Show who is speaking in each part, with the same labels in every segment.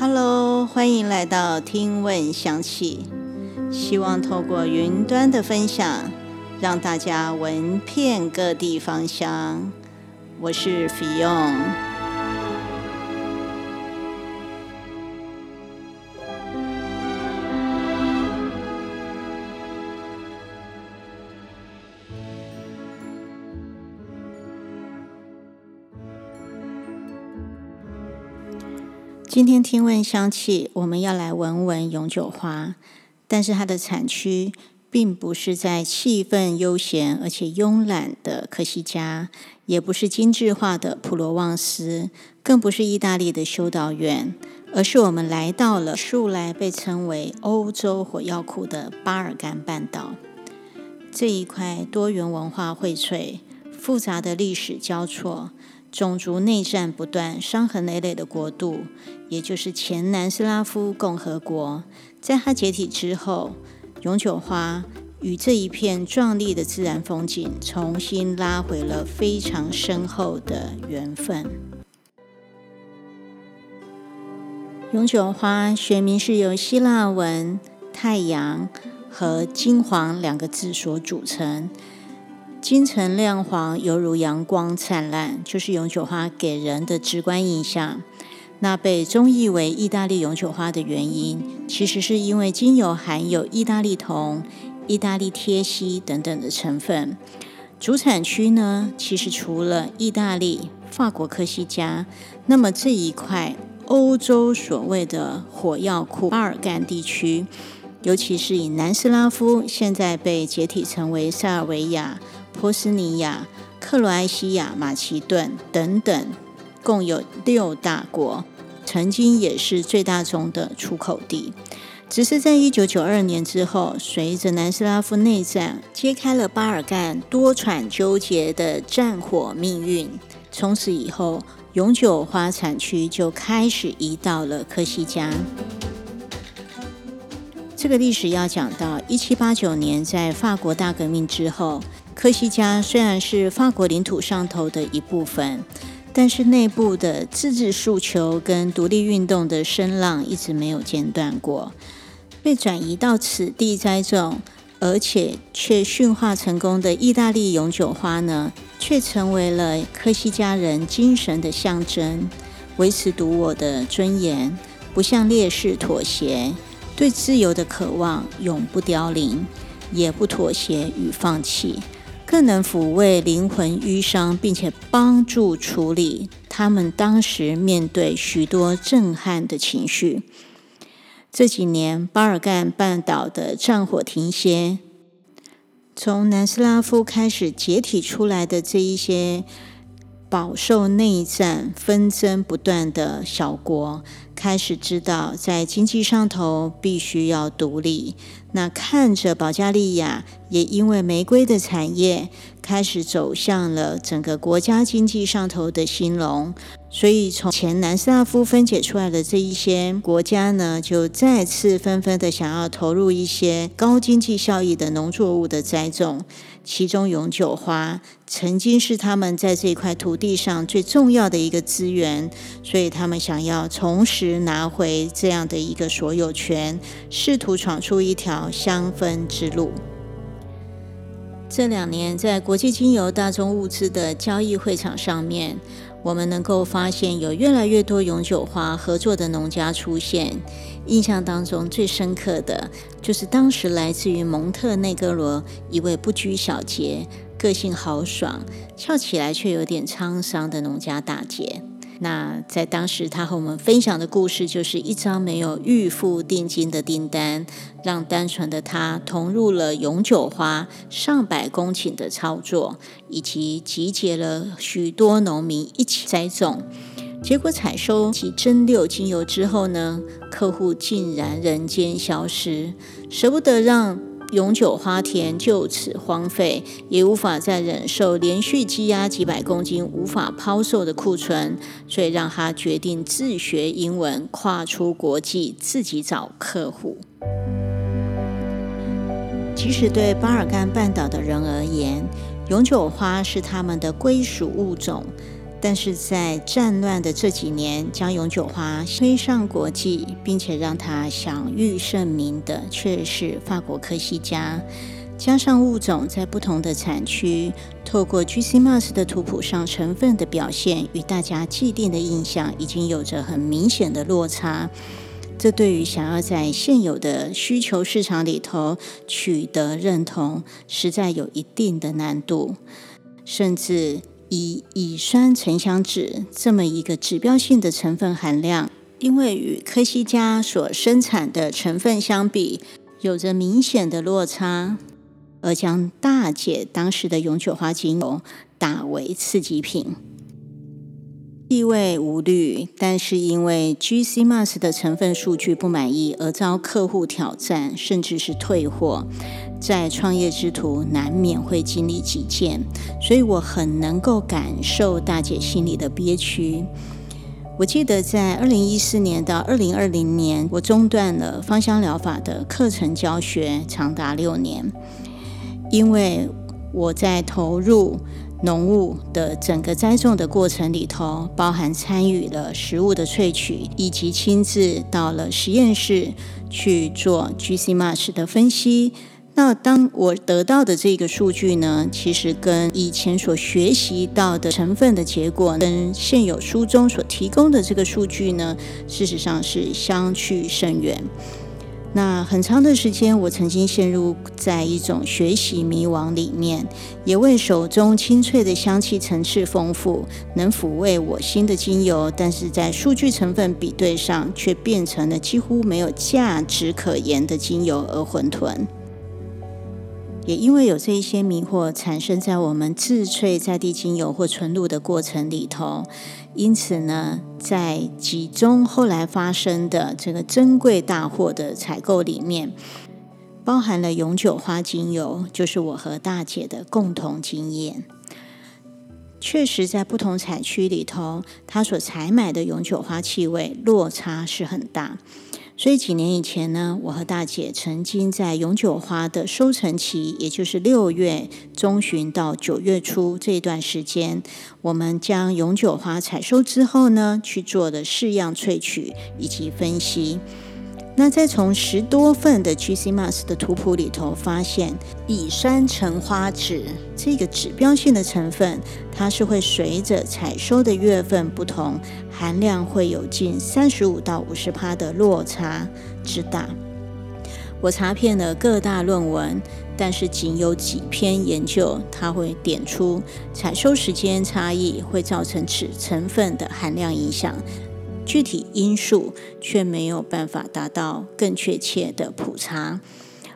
Speaker 1: Hello，歡迎來到聽聞香氣。希望透過雲端的分享，讓大家聞遍各地芳香。我是菲傭。今天聽聞香氣，我們要來聞聞永久花。但是它的產區並不是在氣氛悠閒而且慵懶的科西嘉，也不是精緻化的普羅旺斯，更不是意大利的修道院，而是我們來到了素來被稱為歐洲火藥庫的巴爾幹半島這一塊多元文化薈萃、複雜的歷史交錯。種族內戰不斷、傷痕累累的國度，也就是前南斯拉夫共和國，在它解體之後，永久花與這一片壯麗的自然風景，重新拉回了非常深厚的緣分。永久花學名是由希臘文“太陽”和“金黃”兩個字所組成。金澄亮黃，猶如陽光燦爛，就是永久花給人的直觀印象。那被中譯為“意大利永久花”的原因，其實是因為精油含有意大利酮、意大利貼烯等等的成分。主產區呢，其實除了意大利、法國、科西嘉，那麼這一塊歐洲所謂的“火藥庫”——巴爾幹地區，尤其是以南斯拉夫，現在被解體成為塞爾維亞。波斯尼亞、克羅埃西亞、馬其頓等等，共有六大國曾經也是最大宗的出口地，只是在一九九二年之後，隨着南斯拉夫內戰揭開了巴爾幹多舛糾結的戰火命運，從此以後，永久花產區就開始移到了科西嘉。這個歷史要講到一七八九年，在法國大革命之後。科西嘉雖然是法國領土上頭的一部分，但是內部的自治訴求跟獨立運動的聲浪一直沒有間斷過。被轉移到此地栽種，而且卻馴化成功的意大利永久花呢，卻成為了科西嘉人精神的象徵，維持獨我的尊嚴，不向劣勢妥協，對自由的渴望永不凋零，也不妥協與放棄。更能撫慰靈魂淤傷，並且幫助處理他們當時面對許多震撼的情緒。這幾年，巴爾幹半島的戰火停歇，從南斯拉夫開始解體出來的這一些。飽受內戰紛爭不斷的小國，開始知道在經濟上頭必須要獨立。那看着保加利亞也因為玫瑰的產業。開始走向了整個國家經濟上頭的興隆，所以從前南斯拉夫分解出來的這一些國家呢，就再次紛紛的想要投入一些高經濟效益的農作物的栽種，其中永久花曾經是他們在這塊土地上最重要的一個資源，所以他們想要重拾拿回這樣的一個所有權，試圖闖出一條香氛之路。這兩年，在國際精油大宗物資的交易會場上面，我們能夠發現有越來越多永久花合作的農家出現。印象當中最深刻的就是當時來自於蒙特內哥羅一位不拘小節、個性豪爽、笑起來卻有點滄桑的農家大姐。那在當時，他和我們分享的故事，就是一張沒有預付訂金的訂單，讓單純的他投入了永久花上百公頃的操作，以及集結了許多農民一起栽種。結果採收及蒸餾精油之後呢，客戶竟然人間消失，捨不得讓永久花田就此荒廢，也無法再忍受連續積壓幾百公斤無法拋售的庫存，所以讓他決定自學英文，跨出國際，自己找客戶。即使對巴爾幹半島的人而言，永久花是他們的歸屬物種。但是在戰亂的這幾年，將永久花推上國際，並且讓它享譽盛名的，卻是法國科西嘉。加上物種在不同的產區，透過 GCMS 的圖譜上成分的表現，與大家既定的印象，已經有着很明顯的落差。這對於想要在現有的需求市場裡頭取得認同，實在有一定的難度，甚至。以乙酸橙花酯這麼一個指標性的成分含量，因為與科西嘉所生產的成分相比，有着明顯的落差，而將大姐當時的永久花精油打為次級品，地位無慮。但是因為 GC Mass 的成分數據不滿意，而遭客戶挑戰，甚至是退貨。在創業之途，難免會經歷幾件，所以我很能夠感受大姐心裡的憋屈。我記得在二零一四年到二零二零年，我中斷了芳香療法的課程教學，長達六年，因為我在投入農務的整個栽種的過程裡頭，包含參與了食物的萃取，以及親自到了實驗室去做 GCMS 的分析。那當我得到的這個數據呢，其實跟以前所學習到的成分的結果，跟現有書中所提供的這個數據呢，事實上是相去甚遠。那很長的時間，我曾經陷入在一種學習迷惘裡面，也為手中清脆的香氣層次豐富，能撫慰我心的精油，但是在數據成分比對上，卻變成了幾乎沒有價值可言的精油而混沌。也因為有這一些迷惑產生在我們自萃在地精油或純露的過程裡頭，因此呢，在集中後來發生的這個珍貴大貨的採購裡面，包含了永久花精油，就是我和大姐的共同經驗。確實，在不同產區裡頭，它所採買的永久花氣味落差是很大。所以幾年以前呢，我和大姐曾經在永久花的收成期，也就是六月中旬到九月初這段時間，我們將永久花採收之後呢，去做的試樣萃取以及分析。那再從十多份的 GC-MS 的圖譜裡頭，發現乙酸橙花酯這個指標性的成分，它是會隨着採收的月份不同，含量會有近三十五到五十帕的落差之大。我查遍了各大論文，但是僅有幾篇研究，它會點出採收時間差異會造成此成分的含量影響。具體因素卻沒有辦法達到更確切的普查，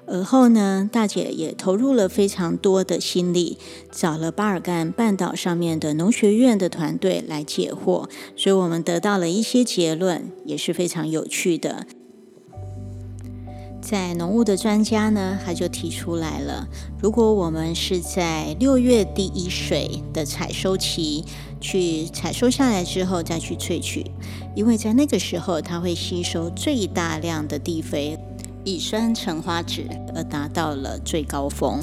Speaker 1: 而後呢，大姐也投入了非常多的心力，找了巴爾幹半島上面的農學院的團隊來解惑，所以我們得到了一些結論，也是非常有趣的。在農務的專家呢，他就提出來了，如果我們是在六月第一水的採收期去採收下來之後再去萃取，因為在那個時候它會吸收最大量的地肥乙酸橙花酯，而達到了最高峰，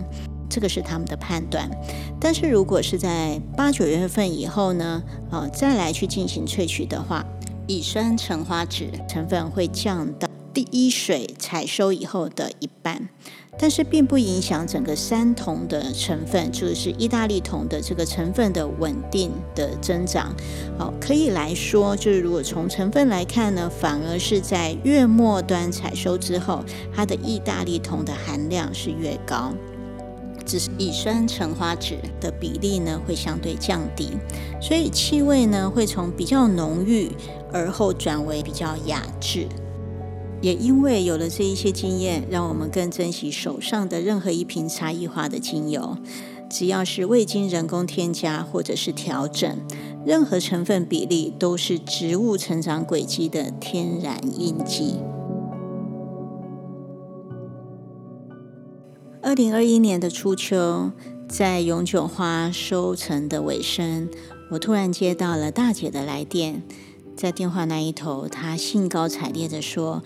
Speaker 1: 這個是他們的判斷。但是如果是在八九月份以後呢，呃、哦，再來去進行萃取的話，乙酸橙花酯成分會降到。第一水採收以後的一半，但是並不影響整個三酮的成分，就是意大利酮的這個成分的穩定的增長。好，可以來說，就是如果從成分來看呢，反而是在越末端採收之後，它的意大利酮的含量是越高，只是乙酸橙花酯的比例呢會相對降低，所以氣味呢會從比較濃郁，而後轉為比較雅致。也因為有了這一些經驗，讓我們更珍惜手上的任何一瓶差異化的精油。只要是未經人工添加或者是調整，任何成分比例都是植物成長軌跡的天然印記。二零二一年的初秋，在永久花收成的尾聲，我突然接到了大姐的來電。在電話那一頭，他興高采烈地說：“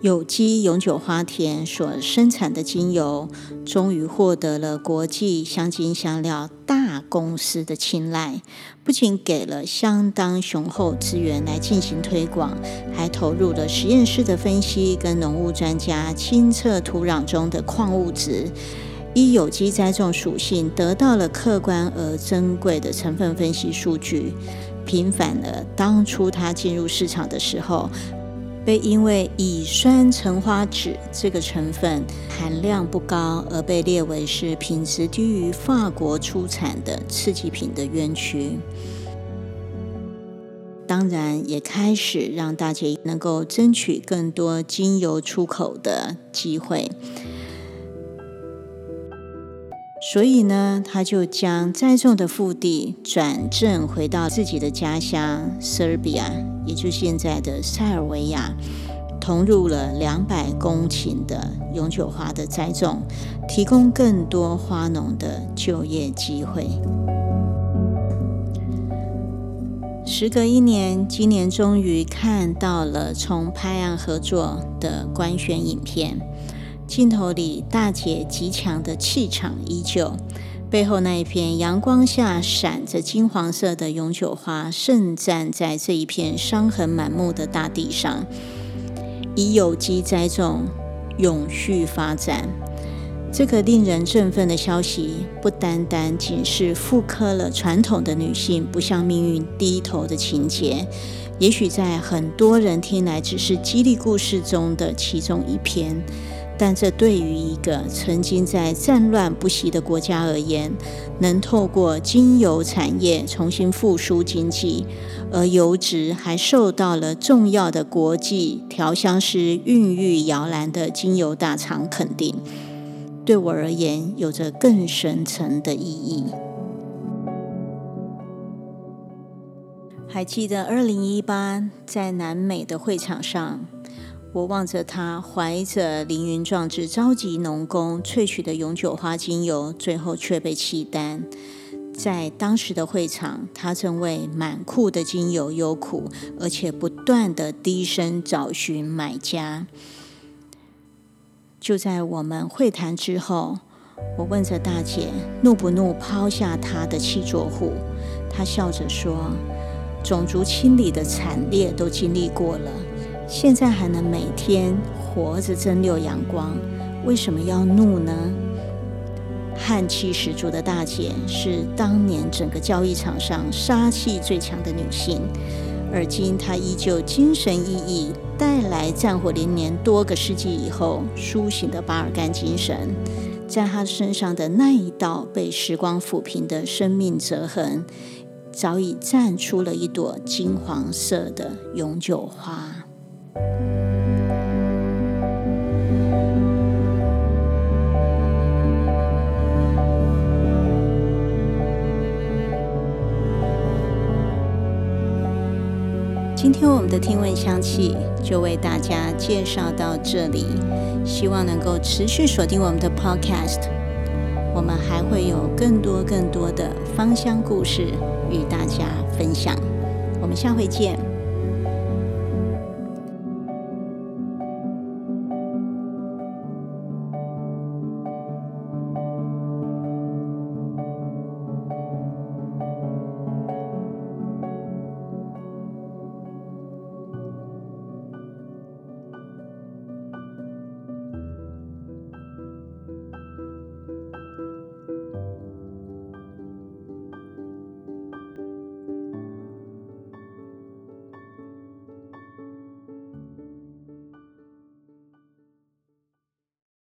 Speaker 1: 有機永久花田所生產的精油，終於獲得了國際香精香料大公司的青睞，不僅給了相當雄厚資源來進行推廣，還投入了實驗室的分析，跟農務專家親測土壤中的礦物質，以有機栽種屬性，得到了客觀而珍貴的成分分析數據。”平反了當初他進入市場的時候，被因為乙酸橙花酯這個成分含量不高而被列為是品質低於法國出產的次級品的冤屈。當然，也開始讓大家能夠爭取更多精油出口的機會。所以呢，他就將栽種的腹地轉正回到自己的家鄉，塞爾維亞，也就是現在的塞爾維亞，投入了兩百公頃的永久花的栽種，提供更多花農的就業機會。時隔一年，今年終於看到了從拍案合作的官宣影片。鏡頭裡，大姐極強的氣場依舊，背後那一片陽光下閃着金黃色的永久花，盛綻在這一片傷痕滿目的大地上，以有機栽種永續發展。這個令人振奮的消息，不單單僅是複刻了傳統的女性不向命運低頭的情節，也許在很多人聽來，只是激勵故事中的其中一篇。但這對於一個曾經在戰亂不息的國家而言，能透過精油產業重新復甦經濟，而油質還受到了重要的國際調香師孕育搖籃的精油大廠肯定，對我而言有着更深層的意義。還記得二零一八在南美的會場上。我望着他，懷着凌雲壯志，召集農工萃取的永久花精油，最後卻被棄單。在當時的會場，他正為滿庫的精油憂苦，而且不斷的低聲找尋買家。就在我們會談之後，我問着大姐：“怒不怒，拋下她的契作戶？”他笑着說：“種族清理的慘烈，都經歷過了。”現在還能每天活着蒸餾陽光，為什麼要怒呢？悍氣十足的大姐是當年整個交易場上殺氣最強的女性，而今她依舊精神奕奕，帶來戰火連年多個世紀以後甦醒的巴爾幹精神，在她身上的那一道被時光撫平的生命摺痕，早已綻出了一朵金黃色的永久花。今天我們的聽聞香氣就為大家介紹到這裡，希望能夠持續鎖定我們的 podcast，我們還會有更多更多的芳香故事與大家分享，我們下回見。